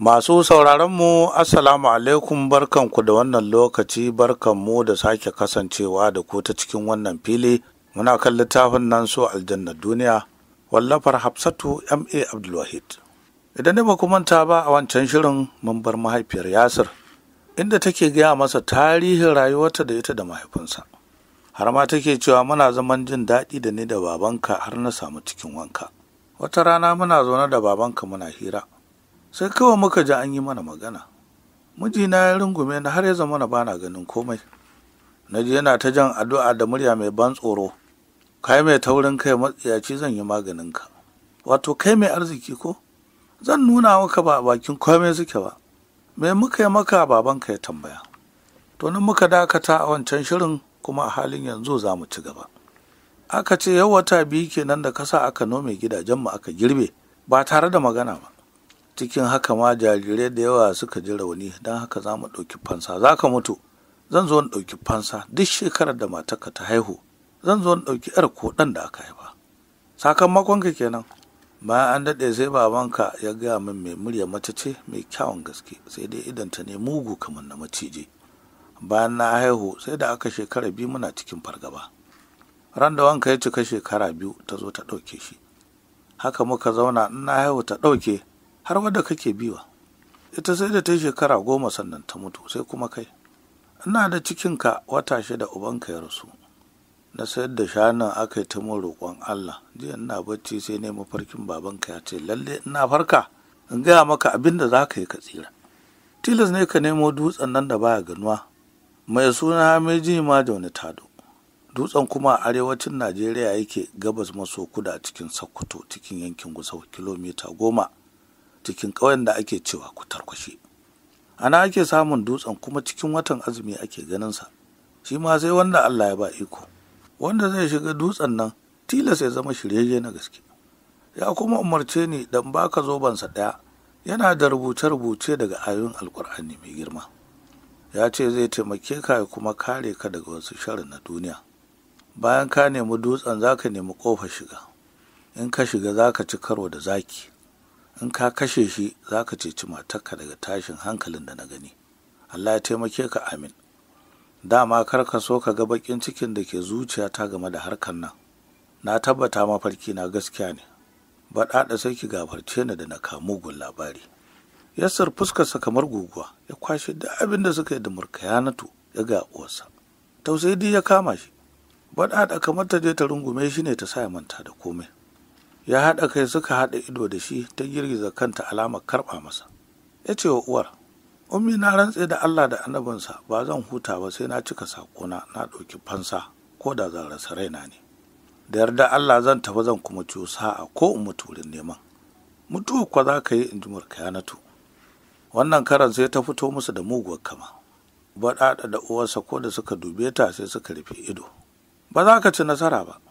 Masu mu Assalamu alaikum barkanku da wannan lokaci barkanmu da sake kasancewa da ku ta cikin wannan fili muna kan littafin nan so aljanna duniya wallafar Hafsatu M.A. Abdulwahid. Idan ne ba manta ba a wancan shirin mun bar mahaifiyar Yasir inda take gaya masa tarihin rayuwarta da ita da mahaifinsa. Har ma take cewa muna zaman jin daɗi da ni da babanka har na samu cikin wanka. Wata rana muna zaune da babanka muna hira. sai kawai muka ji an yi mana magana mijina ya rungume na har ya zama na bana ganin komai na ji yana ta jan addu'a da murya mai ban tsoro kai mai taurin kai matsiyaci zan yi maganin ka. wato kai mai arziki ko zan nuna maka ba bakin komai suke ba me muka yi maka babanka ya tambaya to nan muka dakata a wancan shirin kuma a halin yanzu za mu ci gaba aka ce yau wata biyu kenan da kasa aka nome gidajenmu aka girbe ba tare da magana ba cikin haka ma jarirai da yawa suka ji rauni don haka za mu ɗauki fansa za ka mutu zan zo in ɗauki fansa duk shekarar da matarka ta haihu zan zo in ɗauki yar ko ɗan da aka haifa sakamakonka kenan bayan an daɗe sai babanka ya gaya min mai murya mace ce mai kyawun gaske sai dai idan ta ne mugu kamar na maciji bayan na haihu sai da aka shekara biyu muna cikin fargaba ran da wanka ya cika shekara biyu ta zo ta ɗauke shi haka muka zauna in na haihu ta ɗauke har wadda kake biwa ita sai da ta shekara goma sannan ta mutu sai kuma kai ina da cikinka wata shida ubanka ya rasu na sayar da shanun aka yi ta mun roƙon allah jiya ina bacci sai ne mafarkin babanka ya ce lalle ina farka in gaya maka abin da za ka yi ka tsira tilas ne ka nemo dutsen nan da baya ganuwa mai suna meji ma da wani tado dutsen kuma a arewacin najeriya yake gabas maso kuda cikin sokoto cikin yankin gusau kilomita goma cikin ƙauyen da ake cewa kutarkwashe ana ake samun dutsen kuma cikin watan azumi ake ganinsa shi ma sai wanda allah ya ba iko wanda zai shiga dutsen nan tilas ya zama shirye na gaske ya kuma umarce ni dan baka zobansa ɗaya yana da rubuce-rubuce daga ayoyin alkur'ani mai girma ya ce zai taimake ka ya kuma kare ka daga wasu sharin na duniya bayan ka nemi dutsen za ka nemi ƙofar shiga in ka shiga za ka ci karo da zaki in ka kashe shi za ka ceci matarka daga tashin hankalin da na gani allah ya taimake ka amin dama kar ka so ka ga bakin cikin da ke zuciya ta game da harkar nan na tabbata mafarki na gaskiya ne baɗaɗa sai ki gafarce ni da na mugun labari yassar fuskarsa kamar guguwa ya kwashe duk abin da suka yi da murkayanatu ya ga uwarsa tausayi ya kama shi baɗaɗa kamar ta je ta rungume shi ne ta sa ya manta da komai ya haɗa kai suka haɗa ido da shi ta girgiza kanta alamar karɓa masa ya ce wa uwar ummi na rantse da allah da annabinsa ba zan huta ba sai na cika sakona na ɗauki fansa ko da zan rasa raina ne da yarda allah zan tafi zan kuma ciwo sa'a ko in mutu wurin neman mutuwa kwa za ka yi in ji murkayanatu wannan karan sai ta fito musu da muguwar kama baɗaɗa da uwarsa ko da suka dube ta sai suka rufe ido ba za ka ci nasara ba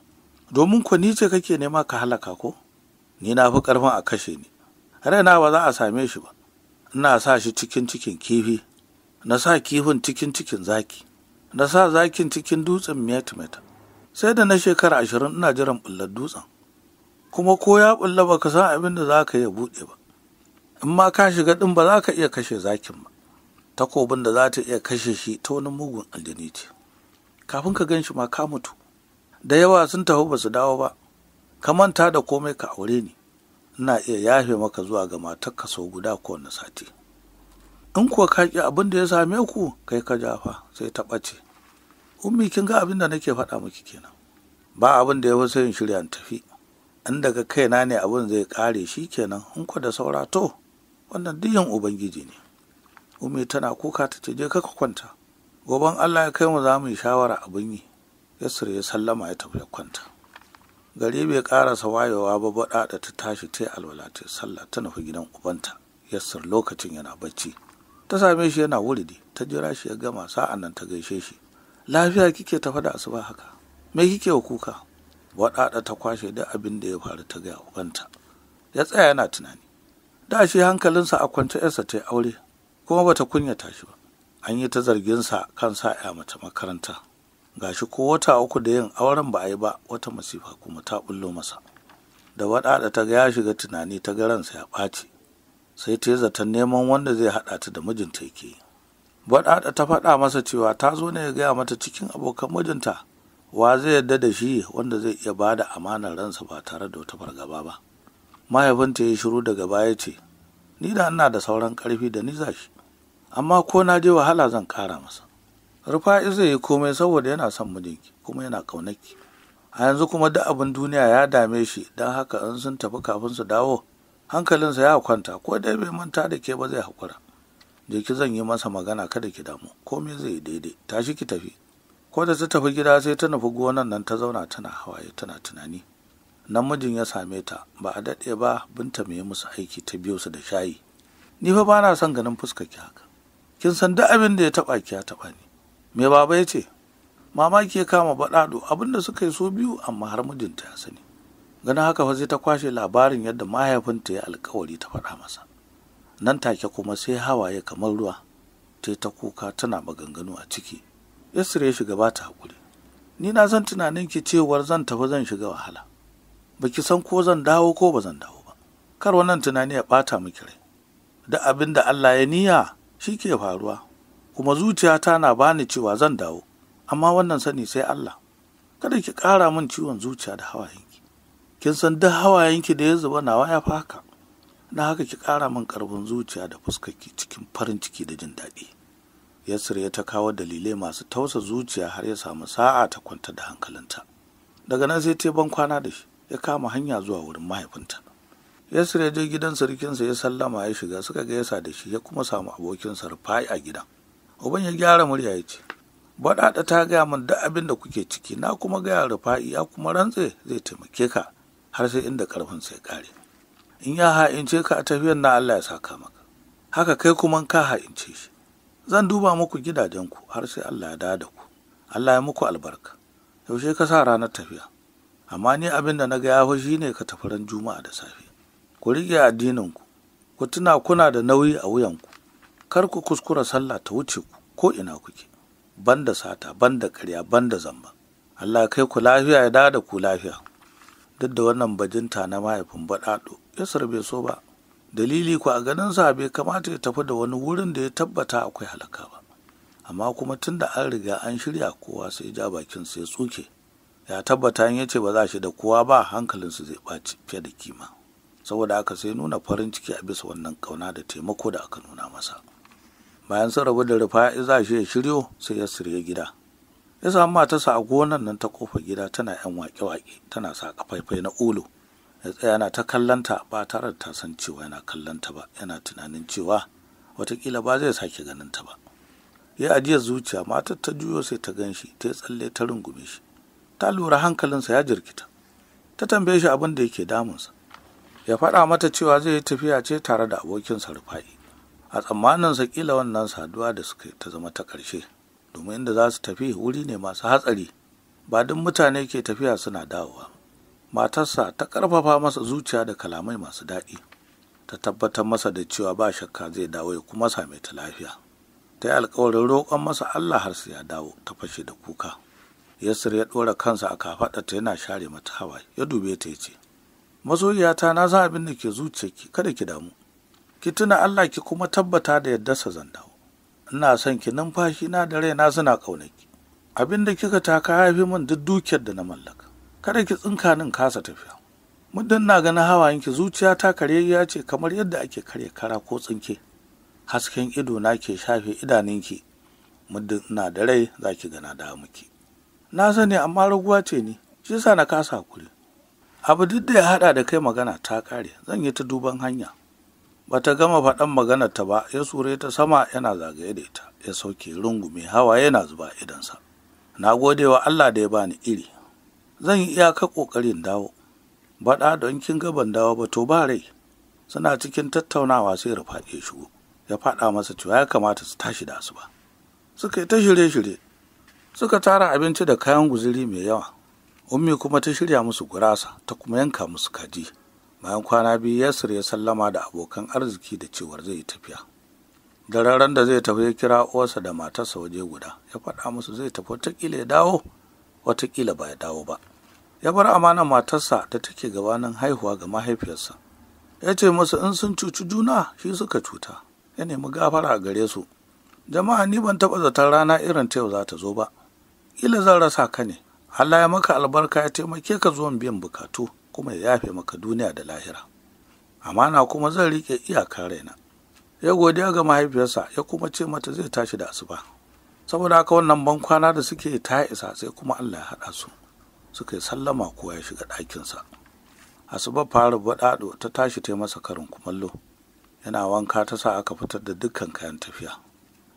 domin ku ni ce kake nema ka halaka ko ni na fi karfin a kashe ni raina ba za a same shi ba ina sa shi cikin cikin kifi na sa kifin cikin cikin zaki na sa zakin cikin dutsen met sai da na shekara ashirin ina jiran bullar dutsen kuma ko ya bulla ba ka san abin da za ka iya buɗe ba in ma ka shiga ɗin ba za ka iya kashe zakin ba takobin da za ta iya kashe shi ta wani mugun aljani ce kafin ka gan shi ma ka mutu da yawa sun tafi ba su dawo ba ka manta da komai ka aure ni ina iya yafe maka zuwa ga ka sau guda kowane sati in kuwa ka ƙi abin da ya same ku kai ka jafa sai ta ɓace ummi kin ga abin da nake faɗa miki kenan ba abin da ya fi sai in shirya in tafi in daga kaina ne abin zai kare shi kenan in ku da saura to wannan diyan ubangiji ne ummi tana kuka ta ce je ka kwanta goban allah ya kai mu za mu yi shawara abin yi yasir ya sallama ya tafi kwanta gari bai karasa wayewa ba baɗaɗa ta tashi ta alwala ta sallah ta nufi gidan ubanta yasir lokacin yana bacci ta same shi yana wuridi ta jira shi ya gama sa'an nan ta gaishe shi lafiya kike ta da asuba haka me kike wa kuka waɗaɗa ta kwashe duk abin da ya faru ta gaya ubanta ya tsaya yana tunani da shi hankalinsa a kwance yarsa ta aure kuma bata kunya tashi ba an yi ta zargin sa kan sa ya mace makaranta gashi ko wata uku da yin auren ba a yi ba wata masifa kuma ta bullo masa da waɗaɗa ta ga ya shiga tunani ta ga ransa ya ɓaci sai ta yi zaton neman wanda zai haɗa ta da mijinta yake yi baɗaɗa ta faɗa masa cewa ta zo ne ya gaya mata cikin abokan mijinta wa zai yarda da shi wanda zai iya ba da amanar ransa ba tare da wata fargaba ba mahaifinta ya shiru daga baya ce ni da ina da sauran ƙarfi da ni za shi amma ko na je wahala zan ƙara masa rufa'i zai yi komai saboda yana son mijinki kuma yana kaunaki a yanzu kuma duk abin duniya ya dame shi don haka in sun tafi kafin su dawo hankalinsa ya kwanta ko dai bai manta da ke ba zai haƙura jiki zan yi masa magana kada ki damu komai zai yi daidai tashi ki tafi ko da ta tafi gida sai ta nufi gonan nan ta zauna tana hawaye tana tunani nan mijin ya same ta ba a daɗe ba binta mai musu aiki ta biyu su da shayi ni fa ba na son ganin fuskarki ki haka kin san duk abin da ya taɓa ki ya taɓa ni me baba ya ce mamaki ya kama baɗaɗo abinda suka yi so biyu amma har mijinta ya sani ganin haka fa sai ta kwashe labarin yadda mahaifinta ya alkawari ta faɗa masa nan take kuma sai hawaye kamar ruwa ta ta kuka tana maganganu a ciki yasir ya shiga bata ta haƙuri ni na san tunanin ki cewar zan tafi zan shiga wahala Ba ki san ko zan dawo ko ba zan dawo ba kar wannan tunani ya ɓata miki rai da abin da Allah ya niya shi ke faruwa kuma zuciyata na bani cewa zan dawo amma wannan sani sai Allah kada ki ƙara min ciwon zuciya da hawayenki kin san duk hawayenki da ya zuba nawa ya haka? na haka ki ƙara min ƙarfin zuciya da fuskarki cikin farin ciki da jin daɗi yasir ya ta kawo dalilai masu tausa zuciya har ya samu sa'a ta kwanta da hankalinta daga nan sai ta ban kwana da shi ya kama hanya zuwa wurin mahaifinta yasir ya je gidan sarkinsa ya sallama ya shiga suka gaisa da shi ya kuma samu abokinsa rufai a gidan uban ya gyara murya ya ce baɗaɗa ta gaya min duk abin da kuke ciki na kuma gaya rufa'i ya kuma rantse zai taimake ka har sai inda karfin sai kare in ya ha'ince ka a tafiyar na Allah ya saka maka haka kai kuma ka ha'ince shi zan duba muku gidajenku har sai Allah ya da da ku Allah ya muku albarka yaushe ka sa ranar tafiya amma ni abin da na ga ya shi ne ka tafi ran juma'a da safe ku rike addininku ku tuna kuna da nauyi a wuyanku kar ku kuskura sallah ta wuce ku ko ina kuke da sata banda karya banda zamba Allah kai ku lafiya ya da ku lafiya duk da wannan bajinta na mahaifin baɗaɗo ya sarbe so ba dalili ku a ganin sa bai kamata ya tafi da wani wurin da ya tabbata akwai halaka ba amma kuma tun da an riga an shirya kowa sai ja bakin ya tsuke ya tabbata in ya ce ba za shi da kowa ba hankalinsu zai ɓaci fiye da kima saboda aka sai nuna farin ciki a bisa wannan kauna da taimako da aka nuna masa bayan sun rabu da ya za shi ya shiryo sai ya sirye gida ya samu matarsa a gonan nan ta kofa gida tana yan wake-wake tana sa kafaifai na ulu ya tsaya yana ta kallanta ba tare da ta san cewa yana kallanta ba yana tunanin cewa watakila ba zai sake ganin ta ba ya ajiye zuciya matar ta juyo sai ta gan shi ta tsalle ta rungume shi ta lura hankalinsa ya jirkita ta tambaye shi abin da yake damunsa ya faɗa mata cewa zai yi tafiya ce tare da abokinsa rufa'i a tsammanin sa kila wannan saduwa da suka ta zama ta ƙarshe domin inda za su tafi wuri ne masu hatsari ba duk mutane ke tafiya suna dawowa matarsa ta ƙarfafa masa zuciya da kalamai masu daɗi ta tabbatar masa da cewa ba shakka zai dawo ya kuma same ta lafiya ta yi alkawarin roƙon masa Allah har sai ya dawo ta fashe da kuka Yasir ya ɗora kansa a kafaɗarta yana share mata hawa ya dube ta ya ce masoyiyata na san abin da ke zuciyarki kada ki damu ki tuna Allah ki kuma tabbata da yadda sa zan dawo ina son ki numfashi na da raina suna ƙaunaki abin da kika taka ya fi min duk dukiyar da na mallaka kada ki tsinka nin kasa tafiya muddin na ganin hawayenki zuciya ta karyayya ce kamar yadda ake karya kara ko tsinke hasken ido na ke shafe idaninki muddin ina da rai za ki gana da muki na sani amma raguwa ce ni shi yasa na kasa hakuri abu duk da ya haɗa da kai magana ta ƙare zan yi ta duban hanya bata gama faɗan ta ba ya sure ta sama yana zagaye da ita ya sauke rungume hawa yana zuba idansa na gode wa Allah da ya bani iri zan yi iyaka ƙoƙarin dawo baɗa don kin ga ban dawo ba to ba rai suna cikin tattaunawa sai ya shigo ya faɗa masa cewa ya kamata su tashi da su ba suka yi ta shirye-shirye suka tara abinci da kayan guziri mai yawa ummi kuma ta shirya musu gurasa ta kuma yanka musu kaji bayan kwana biyu ya ya sallama da abokan arziki da cewar zai tafiya da raran da zai tafi ya kira uwarsa da matarsa waje guda ya faɗa musu zai tafi watakila ya dawo watakila ba ya dawo ba ya bar amanar matarsa da take gabanin haihuwa ga mahaifiyarsa ya ce musu in sun cuci juna shi suka cuta ya nemi gafara a gare su jama'a ni ban taɓa zaton rana irin ta yau za ta zo ba ƙila zan rasa ka ne Allah ya maka albarka ya taimake ka zuwan biyan bukatu kuma ya yafe maka duniya da lahira amana kuma zan rike iyaka raina ya godiya ga mahaifiyarsa ya kuma ce mata zai tashi da asuba saboda haka wannan bankwana da suke ta isa sai kuma allah ya haɗa su suka yi sallama kowa ya shiga ɗakinsa asuba fara baɗaɗo ta tashi ta masa karin kumallo yana wanka ta sa aka fitar da dukkan kayan tafiya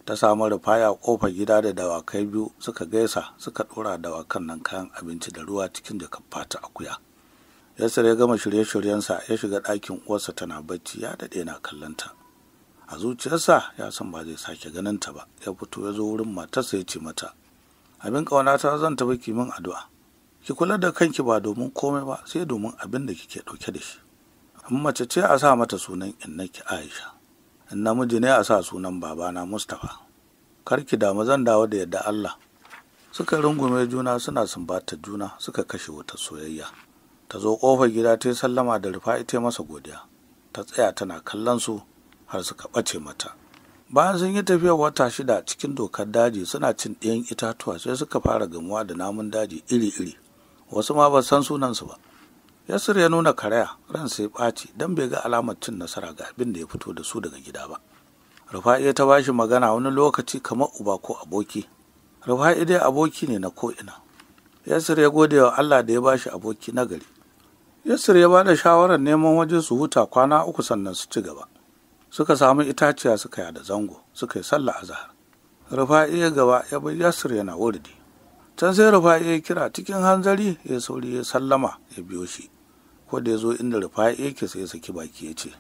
ta samu rufaya a ƙofar gida da dawakai biyu suka gaisa suka ɗora dawakan nan kayan abinci da ruwa cikin jakar fata akuya yasir ya gama shirye-shiryensa ya shiga ɗakin uwarsa tana bacci ya daɗe na kallonta a zuciyarsa ya san ba zai sake ganin ta ba ya fito ya zo wurin matarsa ya ce mata abin ƙaunata zan tafi min addu'a ki kula da kanki ba domin komai ba sai domin abin da kike ɗauke da shi in mace ce a sa mata sunan ki aisha in namiji ne a sa sunan babana mustapha kar ki damu zan dawo da yadda allah suka rungume juna suna sumbatar juna suka kashe wata soyayya ta zo kofar gida ta yi sallama da rufa'i ta masa godiya ta tsaya tana kallon su har suka ɓace mata bayan sun yi tafiya wata shida cikin dokar daji suna cin ɗayan itatuwa sai suka fara gamuwa da namun daji iri-iri wasu ma ba san sunansu ba yasir ya nuna karaya ran sai ɓaci don bai ga alamar cin nasara ga abin da ya fito da su daga gida ba rufa'i ta bashi magana wani lokaci kamar uba ko aboki rufa'i dai aboki ne na ko'ina yasir ya gode wa allah da ya bashi aboki na gari yasir ya bada shawarar neman waje su huta kwana uku sannan su ci gaba suka samu itaciya suka yada zango suka yi sallah azhar rufa'i ya gaba ya bar yasir yana wurdi can sai rufa'i ya kira cikin hanzari ya sauri ya sallama ya biyo shi ko da ya zo inda rufa'i yake sai ya saki baki ya ce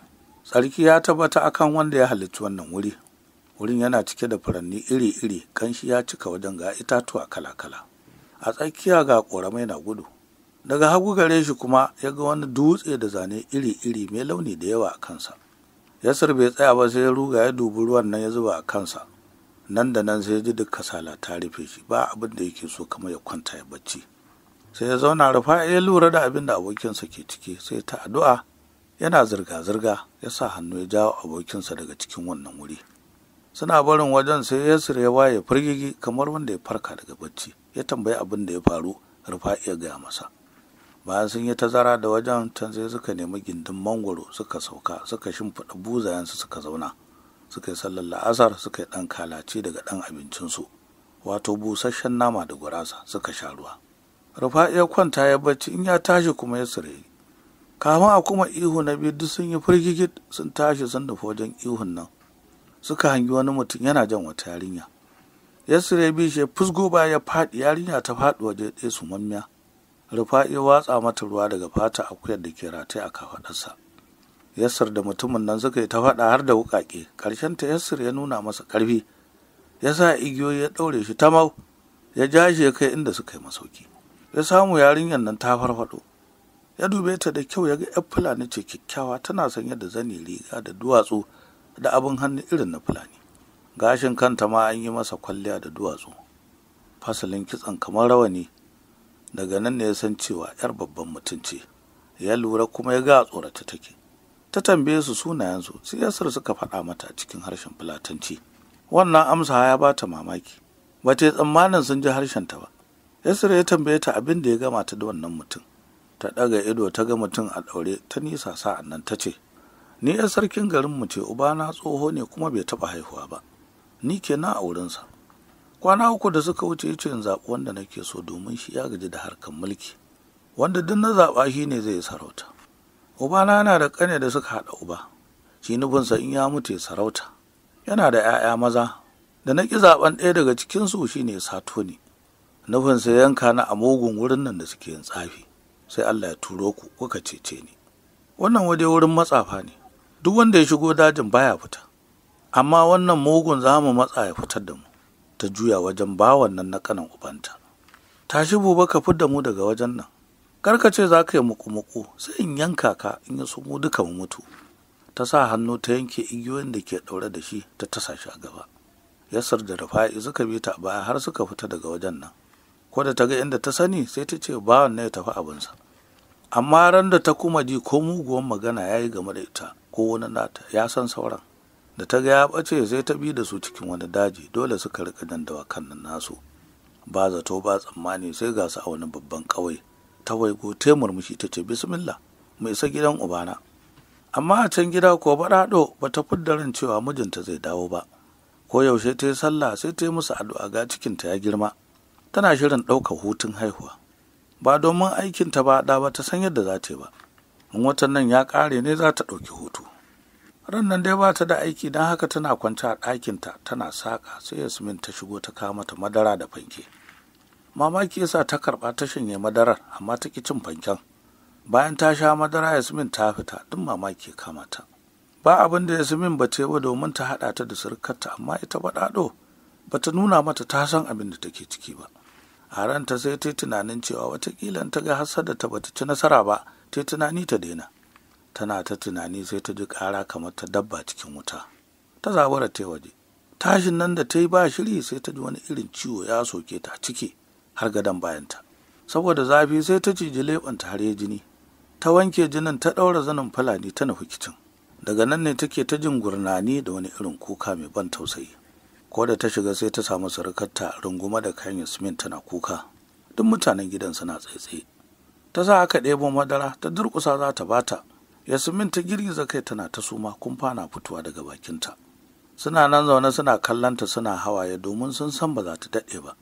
tsarki ya tabbata akan wanda ya halicci wannan wuri wurin yana cike da furanni iri-iri kanshi ya cika wajen ga itatuwa kala-kala a tsakiya ga ƙoramai na gudu daga hagu gare shi kuma ya ga wani dutse da zane iri-iri mai launi da yawa a kansa yasir bai tsaya ba sai ya ruga ya dubi ruwan nan ya zuba a kansa nan da nan sai ji duk kasala ta rufe shi ba abin da yake so kamar ya kwanta ya bacci sai ya zauna rufa ya lura da abin da abokinsa ke ciki sai ta addu'a yana zirga-zirga ya sa hannu ya jawo abokinsa daga cikin wannan wuri suna barin wajen sai yasir ya waye firgigi kamar wanda ya farka daga bacci ya tambayi abin da ya faru rufa iya gaya masa bayan sun yi tazara da wajen can sai suka nemi gindin mangoro suka sauka suka shimfiɗa buzayensu suka zauna suka yi sallar la'asar suka yi ɗan kalaci daga ɗan abincinsu wato busasshen nama da gurasa suka sha ruwa rufa ya kwanta ya bacci in ya tashi kuma ya sire kafin a kuma ihu na biyu duk sun yi firgigit sun tashi sun nufi wajen ihun nan suka hangi wani mutum yana jan wata yarinya ya sire bi shi fusgo ba ya faɗi yarinya ta faɗi waje ɗaya su mammiya rufa'i watsa mata ruwa daga fata akuyar da ke rataye a kafaɗarsa Yasir da mutumin nan suka yi ta faɗa har da wuƙaƙe ta Yasir ya nuna masa ƙarfi ya sa igiyoyi ya ɗaure shi ta mau ya ja shi ya kai inda suka yi masauki ya samu yarinyar nan ta farfaɗo ya dube ta da kyau ya ga yar fulani ce kyakkyawa tana sanye da zani riga da duwatsu da abin hannu irin na fulani gashin kanta ma an yi masa kwalliya da duwatsu fasalin kitsan kamar rawani daga nan ne ya san cewa 'yar babban mutum ce ya lura kuma ya ga tsorata take ta tambaye su sunayensu siyasar suka faɗa mata cikin harshen fulatanci wannan amsa ya ba ta mamaki ba ta yi tsammanin sun ji harshen ta ba yasir ya tambaye ta abin da ya gama ta da wannan mutum ta ɗaga ido ta ga mutum a ɗaure ta nisa sa'an nan ta ce ni ya sarkin garinmu ce Uba na tsoho ne kuma bai taɓa haihuwa ba ni ke na a wurinsa kwana uku da suka wuce ya ce in zaɓi wanda nake so domin shi ya gaji da harkan mulki wanda duk na zaɓa shi ne zai sarauta Uba na yana da ƙane da suka haɗa uba shi nufinsa in ya mutu sarauta yana da 'ya'ya maza da na ƙi zaɓen ɗaya daga cikinsu shi ne sato ne nufinsa yanka na a mugun wurin nan da suke yin tsafi sai allah ya turo ku kuka cece ni wannan waje wurin matsafa ne duk wanda ya shigo dajin baya fita amma wannan mugun za mu matsa ya fitar da mu ta juya wajen bawan nan na kanan ubanta tashi buba ka fidda mu daga wajen nan karka ce za ka yi muku-muku sai in yanka ka in yi mu duka mu mutu ta sa hannu ta yanke igiyoyin da ke ɗaure da shi ta tasa shi a gaba yasar da rafa'i suka bi ta baya har suka fita daga wajen nan ko da ta ga inda ta sani sai ta ce bawan na ya tafi abinsa amma ran da ta kuma ji ko muguwan magana ya yi game da ita ko wani nata ya san sauran da ta ga ya ɓace sai ta bi da su cikin wani daji dole suka rika jan dawakan nan nasu ba zato ba tsammani sai ga su a wani babban kawai. ta waigo ta murmushi ta ce bismillah mu isa gidan ubana amma a can gida ko baɗaɗo ba ta fuddarin cewa mijinta zai dawo ba ko yaushe ta yi sallah sai ta yi musu addu'a ga cikin ta ya girma tana shirin ɗaukar hutun haihuwa ba domin aikinta ba da ba ta san yadda za ta yi ba in watan nan ya kare ne za ta ɗauki hutu ran nan dai ba ta da aiki don haka tana kwance a ɗakinta tana saƙa sai yasmin ta shigo ta kawo mata madara da fanke mamaki yasa ta karɓa ta shanye madarar amma ta ki cin fanken bayan ta sha madara yasmin ta fita duk mamaki ya kama ta ba abin da yasmin ba ce ba domin ta haɗa ta da surkarta amma ita baɗaɗo ba ta nuna mata ta san abin da take ciki ba a ranta sai ta yi tunanin cewa watakila ta ga hasada ta bata ci nasara ba ta tunani ta daina tana ta tunani sai ta ji ƙara kamar ta dabba cikin wuta ta zabara ta waje tashin nan da ta yi ba shiri sai ta ji wani irin ciwo ya soke ta ciki har gadon bayanta saboda zafi sai ta ciji leɓanta har ya jini ta wanke jinin ta ɗaura zanin fulani ta nufi kicin daga nan ne take ta jin gurnani da wani irin kuka mai ban tausayi ko da ta shiga sai ta samu surukarta runguma da kayan yasmin tana kuka duk mutanen gidan suna tsaitsaye ta sa aka ɗebo madara ta durƙusa za ta bata yasmin ta girgiza kai tana ta suma kun fana fitowa daga bakinta suna nan zaune suna kallanta suna hawaye domin sun san ba za ta daɗe ba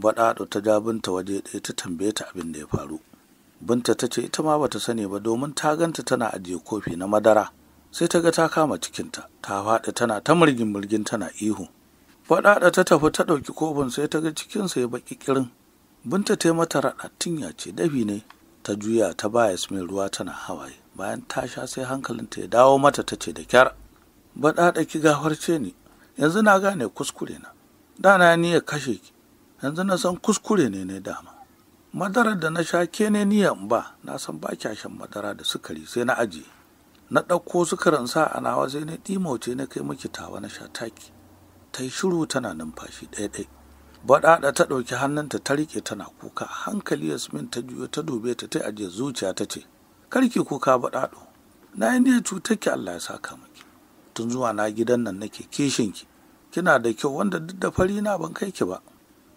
baɗaɗo ta ja binta waje ɗaya ta tambaye ta abin da ya faru binta ta ce ita ma ta sani ba domin ta ganta tana ajiye kofi na madara sai ta ga ta kama cikinta ta faɗi tana ta murgin murgin tana ihu faɗaɗa ta tafi ta ɗauki kofin sai ta ga cikinsa ya baƙi ƙirin binta ta yi mata raɗa tinya ce dafi ne ta juya ta ba yasmin ruwa tana hawaye bayan ta sha sai hankalinta ya dawo mata ta ce da kyar ɗaɗa ki gafarce ni yanzu na gane kuskure na da na niyyar kashe ki yanzu na san kuskure ne ne dama madarar da na sha ke ne in ba na san ba kya shan madara da sukari sai na ajiye na ɗauko sukarin sa a nawa sai na ɗimauce na kai miki tawa na sha taki ta yi shiru tana numfashi ɗaiɗai baɗaɗa ta ɗauki hannunta ta riƙe tana kuka hankali yasmin ta juyo ta dube ta ta aje zuciya ta ce karki kuka baɗaɗo na yi ne ki Allah ya saka miki tun zuwa na gidan nan nake kishin ki kina da kyau wanda duk da fari na ban kai ki ba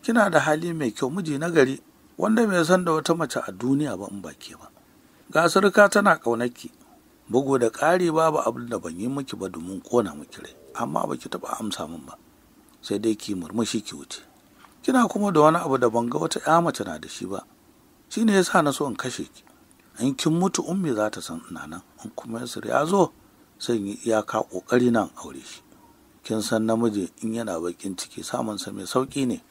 kina da hali mai kyau miji na gari wanda bai san da wata mace a duniya ba in ba ke ba ga surka tana ki. bugu da ƙari babu abin da ban yi miki ba domin kona miki rai amma baki taɓa amsa min ba sai dai ki murmushi ki wuce kina kuma da wani abu da ban ga wata ƴa mace na da shi ba shine yasa na so in kashe ki in kin mutu ummi za ta san ina nan in kuma yasir ya zo sai yi iyaka ƙoƙari nan aure shi kin san namiji in yana bakin ciki samun sa mai sauki ne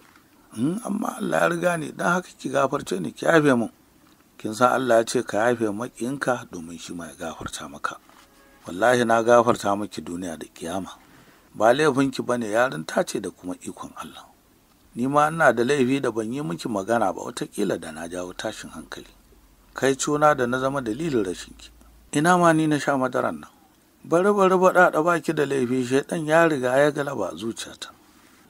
in hmm, amma Allah ya riga ni dan haka ki gafarce ni ki yafe mu kin san Allah ya ce ka yafe makinka domin shi ma ya gafarta maka wallahi na gafarta miki duniya da kiyama ba laifinki bane yarin ta ce da kuma ikon Allah ni ma ina da laifi da ban yi miki magana ba watakila da na jawo tashin hankali kai cuna da na zama dalilin rashinki ina ma ni na sha madaran nan bari bari baɗa da baki da laifi shaidan ya riga ya galaba a zuciyata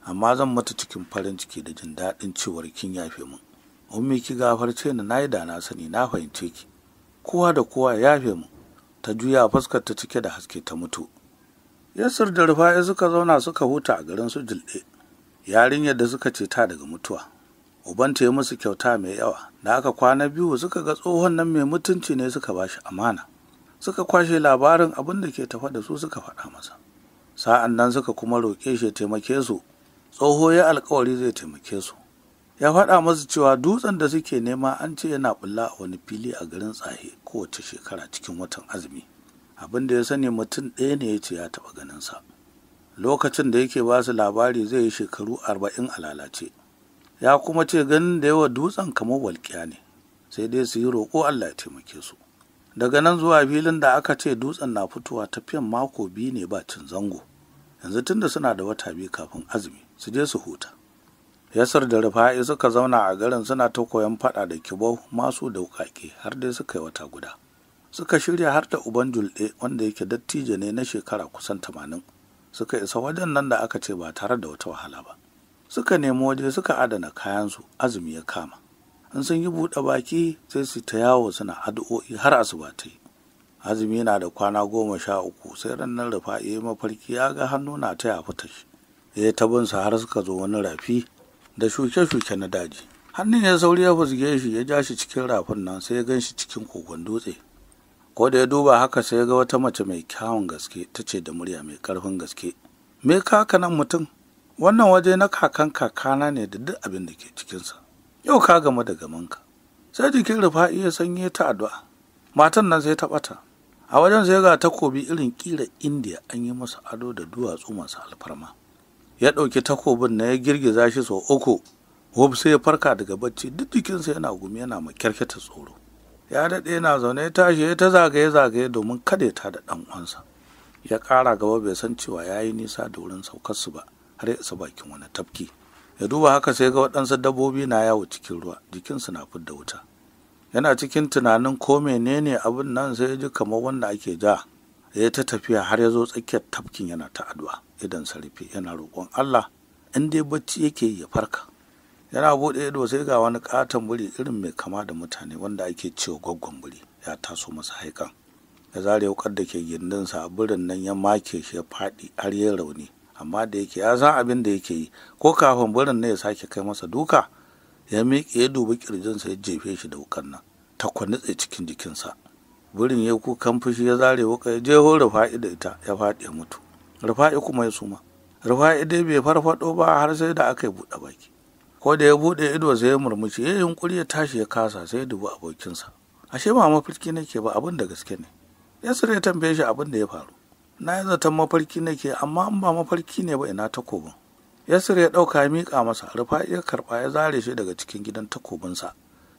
amma zan mata cikin farin ciki da jin daɗin cewar kin yafe min ummi ki gafarce ni na yi da na sani na fahimce ki kowa da kowa ya yafe min ta juya fuskar ta cike da haske ta mutu yasir da rufa'i suka zauna suka huta a garin su jilɗe yarinyar da suka ce ta daga mutuwa Uban ta yi musu kyauta mai yawa da aka kwana biyu suka ga tsohon nan mai mutunci ne suka bashi amana suka kwashe labarin abin da ke tafa da su suka faɗa masa sa'an nan suka kuma roƙe shi ya taimake su tsoho ya alkawari zai taimake su ya faɗa masu cewa dutsen da suke nema an ce yana bulla a wani fili a garin tsahe kowace shekara cikin watan azumi abin da ya sani mutum ɗaya ne ya ce ya taɓa ganin sa, lokacin da yake ba su labari zai yi shekaru arba'in a lalace ya kuma ce ganin da yawa dutsen kamar walƙiya ne sai dai su yi roƙo allah ya taimake su daga nan zuwa filin da aka ce dutsen na fitowa tafiyan mako biyu ne ba cin zango yanzu tunda suna da wata biyu kafin azumi su je su huta yasar da rufa'i suka zauna a garin suna ta koyon faɗa da kibau masu da wukake har dai suka yi wata guda suka shirya har da uban julɗe wanda yake dattijo ne na shekara kusan tamanin suka isa wajen nan da aka ce ba tare da wata wahala ba suka nemi waje suka adana kayansu azumi ya kama in sun yi buɗe baki sai su ta yawo suna addu'o'i har asuba ta yi azumi yana da kwana goma sha uku sai rannan rufa ya mafarki ya ga hannu na ta yafi ta shi ya ta sa har suka zo wani rafi da shuke-shuke na daji hannun ya sauri ya fusge shi ya ja shi cikin rafin nan sai ya gan shi cikin kogon dutse ko da ya duba haka sai ya ga wata mace mai kyawun gaske ta ce da murya mai karfin gaske me ka nan mutum wannan waje na kakan kakana ne da duk abin da ke cikinsa yau ka gama da gamanka sai jikin rufa iya sanye ta addu'a matan nan sai ta ɓata a wajen sai ga takobi irin kira indiya an yi masa ado da duwatsu masu alfarma ya ɗauki takobin na ya girgiza shi sau uku Hope sai ya farka daga bacci duk jikinsa yana gumi yana makyarkyata tsoro. Ya daɗe yana zaune ya tashi ya ta zagaye-zagaye domin kada ta da ɗan uwansa. Ya ƙara gaba bai san cewa ya yi nisa da wurin saukarsu ba. har ya isa bakin wani tafki ya duba haka sai ga waɗansu dabbobi na yawo cikin ruwa jikinsu na fidda wuta yana cikin tunanin ko menene abin nan sai ya ji kamar wanda ake ja ya ta tafiya har ya zo tsakiyar tafkin yana ta addu'a idan sarfe yana roƙon Allah in dai bacci yake ya farka yana buɗe ido sai ga wani ƙaton buri irin mai kama da mutane wanda ake cewa gwaggon buri ya taso masa haikan ya zare wukar da ke gindinsa a birin nan ya make shi ya faɗi har ya rauni amma da yake ya san abin da yake yi ko kafin barin ne ya sake kai masa duka ya miƙe ya dubi ƙirjinsa ya jefe shi da wukan nan ta kwanitse cikin jikinsa birin ya kukan fushi ya zare wuka ya jeho rufa'i da ita ya faɗi ya mutu rufa'i kuma ya suma rufa'i dai bai farfaɗo ba har sai da aka yi buɗe baki ko da ya buɗe ido sai ya murmushi ya yunƙuri ya tashi ya kasa sai ya dubi abokinsa ashe ba mafarki nake ba abin da gaske ne ya ya tambaye shi abin da ya faru na yi zaton mafarki nake amma in ba mafarki ne ba ina takobin yasir ya ɗauka ya miƙa masa rufa ya karɓa ya zare shi daga cikin gidan takobinsa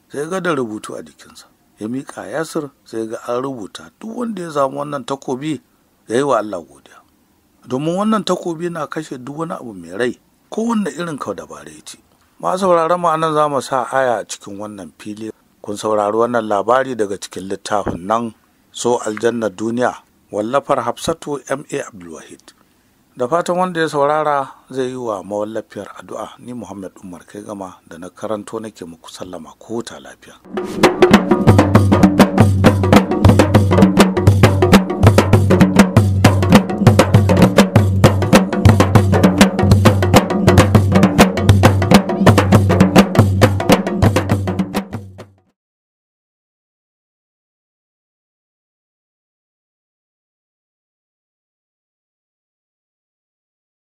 sai ga da rubutu a jikinsa ya miƙa yasir sai ga an rubuta duk wanda ya samu wannan takobi ya yi wa allah godiya domin wannan takobi na kashe duk wani abu mai rai kowanne irin kau dabarai ce ma sauraron mu anan za mu sa aya cikin wannan fili kun saurari wannan labari daga cikin littafin nan so aljanna duniya wallafar hafsatu ma abdulwahid da fatan wanda ya saurara zai yi wa mawallafiyar addu'a ni muhammad umar kai gama da na karanto nake muku sallama ko ta lafiya